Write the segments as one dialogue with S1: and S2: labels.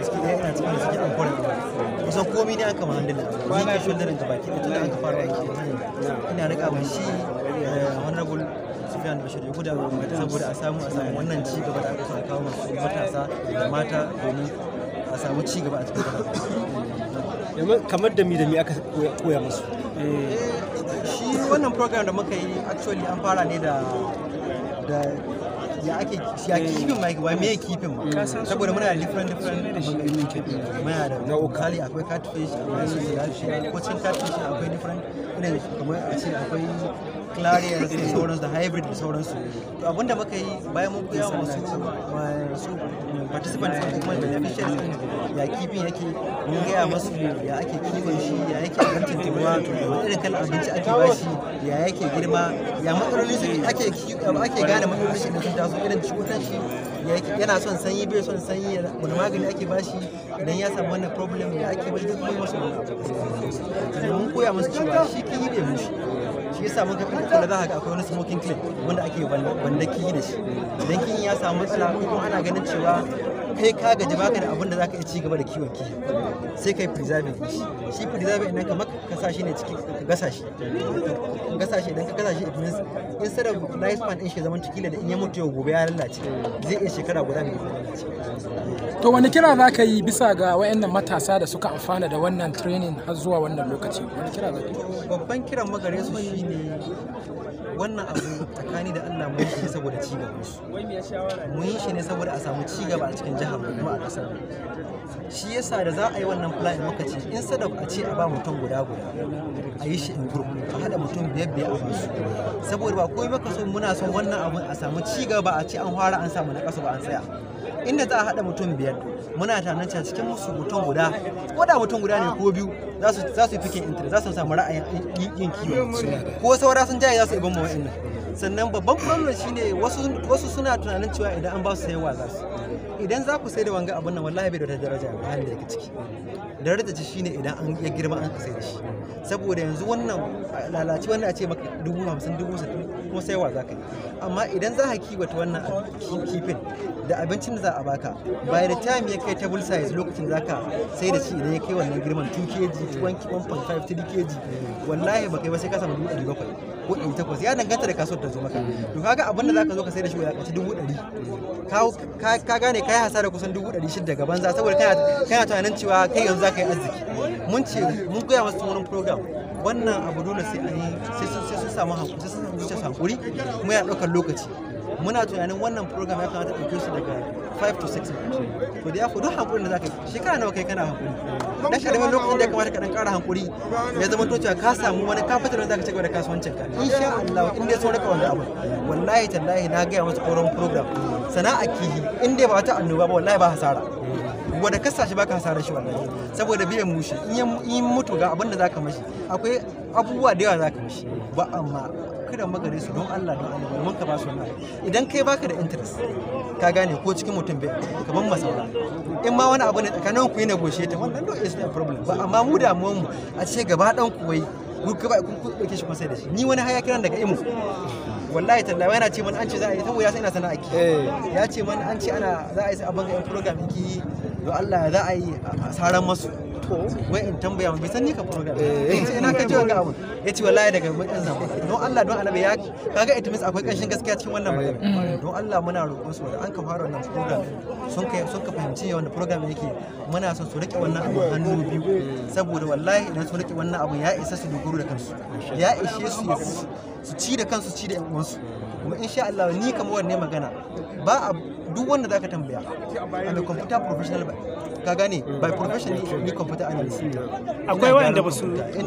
S1: baki ɗaya ina cikin da suke an kwarin kusan komai ne aka mahandala ni ke shuldarin da baki ɗaya tun da aka fara aiki ina rika ma shi eh, honorable Sufiyan Bashir ya guda saboda a samu a samu wannan ci gaba da aka sa kawo masu matasa da mata domin a samu ci gaba a cikin jama'a. Kamar da mi da mi aka koya musu. Eh, shi wannan program da muka yi actually an fara ne da ya ake ya kifin ma yake me kifin ma saboda muna da different different maganin kifi muna da na okali akwai catfish akwai su ko cin catfish akwai different irin a ce akwai clarence da sauransu da hybrid da sauransu to abinda muka yi bayan mun koya masu su participants da kuma ya kifin yake ya ake kiwon ya ake ya yake girma ya ake gane matsaloli shi da sun yana son sanyi bai son sanyi wani magani ake bashi idan ya samu wannan problem ya ake bai kuma masu mun koya masu cewa shi kiyi bai shi yasa muka fi kula za ga akwai wani smoking clip wanda ake bandaki da shi idan kin ya samu matsala ko kuma ana ganin cewa kai ka gaji baka da abin da zaka iya ci gaba da kiwon kifi sai kai preserving shi shi preserving nan kamar ka shi ne ciki ka gasa shi ka gasa shi idan ka gasa shi it means instead of lifespan din shi zaman ciki da in ya mutu yau gobe ya lalace zai iya shekara guda mai lalace to wani kira za ka yi bisa ga wayannan matasa da suka amfana da wannan training har zuwa wannan lokaci wani kira za ka yi babban kiran magare su shine wannan abu tsakani da Allah mun shi saboda ci gaba. Mu mun yi shi ne saboda a samu ci gaba a cikin jihar mu a kasar shi yasa da za a yi wannan plan muka ce instead of a ce a ba mutum guda guda a yi shi in a haɗa mutum biyar biyar a musu saboda ba komai ka so muna son wannan abun a samu ci gaba a ci an fara an samu na ƙasa ba an tsaya inda za a haɗa mutum biyar muna tanan cewa cikin musu mutum guda ko da mutum guda ne ko biyu za su yi fikin intanet za su samu ra'ayin yin kiwo ko saura sun jaye za su ibin mawa'in nan sannan babban problem shine wasu wasu suna tunanin cewa idan an ba su sayarwa za su idan za ku sai da wanga abin nan wallahi bai da wata daraja ba halin da yake ciki daraja ce shine idan an ya girma an ka da shi saboda yanzu wannan lalaci wanda a ce maka dubu hamsin dubu sittin kuma sayarwa za ka yi amma idan za ka kiwata wannan kifin da abincin da za a baka by the time ya kai table size lokacin za ka sai da shi idan ya kai wannan girman 2 kg 1.5 3 kg wallahi ba kai ba sai ka samu dubu 700 ko ɗari takwas ya danganta da kasuwar ta zo maka to kaga abin da zaka zo ka sayar da shi ya kaci dubu ɗari ka gane kai hasara kusan dubu ɗari shida gaban za saboda kana kana tunanin cewa kai yanzu zaka yi arziki mun ce mun gaya masu wurin program wannan abu dole sai an yi sai sun samu hakuri sai sun samu hakuri kuma ya ɗaukar lokaci muna tunanin wannan program ya kamata ɗauke su daga 5 to 6 months to da yaku duk hankulin da za ka yi shekara nawa kai kana hankuli dan karamin lokacin da ya kamata ka dan ƙara hankuli ya zama to cewa ka samu wani kafatar da za ka ci gaba da kasuwancin ka insha Allah in dai sauraka raka wannan abu wallahi tallahi na gaya masa auren program sana'a kihi in dai ba ta annoba ba wallahi ba hasara wanda kasashe ba baka hasara shi wallahi saboda biyan mushi in mutu ga abin da zaka mashi akwai abubuwa da yawa za ka mishi ba amma kada magare su don Allah don Allah domin ka ba su na idan kai baka da interest ka gane ko cikin mutum bai kaman masaura in ma wani abu ne tsakanin ku yi na ta wannan do is a problem ba amma mu damuwan mu a ce gaba dan ku wai ku ba kun dauke shi kun da shi ni wani haya kiran daga imu wallahi tallawa yana ce mana an ce za a yi ta wuya sai ina sana'a ki eh. ya ce mana an ce ana za a yi abin ga yan program ki don Allah za a yi saran masu to wai in tambaya bai san ka program eh ina ka ji ga abu ya ce wallahi daga mun bakin zama don Allah don annabi ya kaga it means akwai kanshin gaskiya cikin wannan magana mm. don Allah muna roƙon su da an ka fara wannan program sun kai sun ka fahimci wanda program yake muna son su rike wannan abu hannu biyu saboda wallahi idan su rike wannan abu ya isa su dogaro da kansu ya ishe su su ci da kansu ci da yan uwansu kuma insha Allah ni kamar wannan magana ba duk wanda zaka tambaya a mai kwamfuta professional ba ka gane by profession ni computer analyst ne akwai wanda ba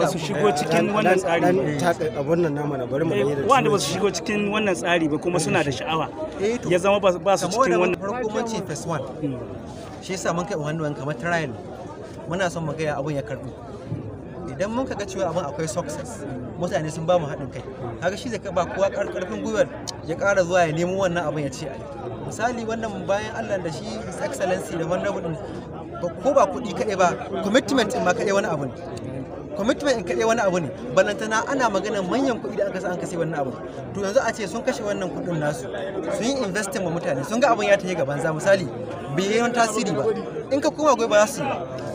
S1: su shigo cikin wannan tsari a wannan nama na bari mu eh, da wanda ba su shigo cikin wannan tsari ba kuma suna da sha'awa eh, ya zama ba su cikin wannan farko mun ce first one hmm. shi yasa mun kai wannan kamar trial muna son mu ga abun ya karbu idan mun ga cewa abin akwai success mutane sun ba mu haɗin kai kaga shi zai ba kowa ƙarfin gwiwar ya ƙara zuwa ya nemo wannan abin ya ce ai misali wannan bayan Allah da shi his excellency da wannan ko ba kuɗi kaɗai ba commitment ma kaɗai wani abu ne commitment in kaɗai wani abu ne balantana ana magana manyan kuɗi da aka sa an kashe wannan abu to yanzu a ce sun kashe wannan kuɗin nasu sun yi investing ma mutane sun ga abin ya tafi gaban za misali bai yi wani tasiri ba in ka koma gobe ba za su yi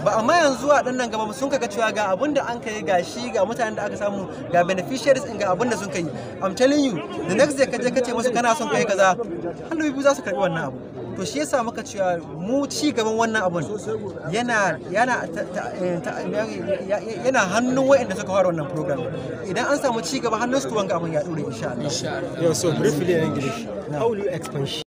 S1: ba amma yanzu a ɗan nan gaba sun kaga cewa ga abin da an kai ga shi ga mutanen da aka samu ga beneficiaries in ga abin da sun kai I'm telling you the next day ka je ka ce musu kana son kai kaza hannu biyu za su karɓi wannan abu to shi yasa muka cewa mu ci gaban wannan abun yana yana eh, yana hannun suka fara wannan program idan an samu ci gaba hannun su wanga abun ya dore insha Allah. Insha Allah. so briefly in English. How will you expand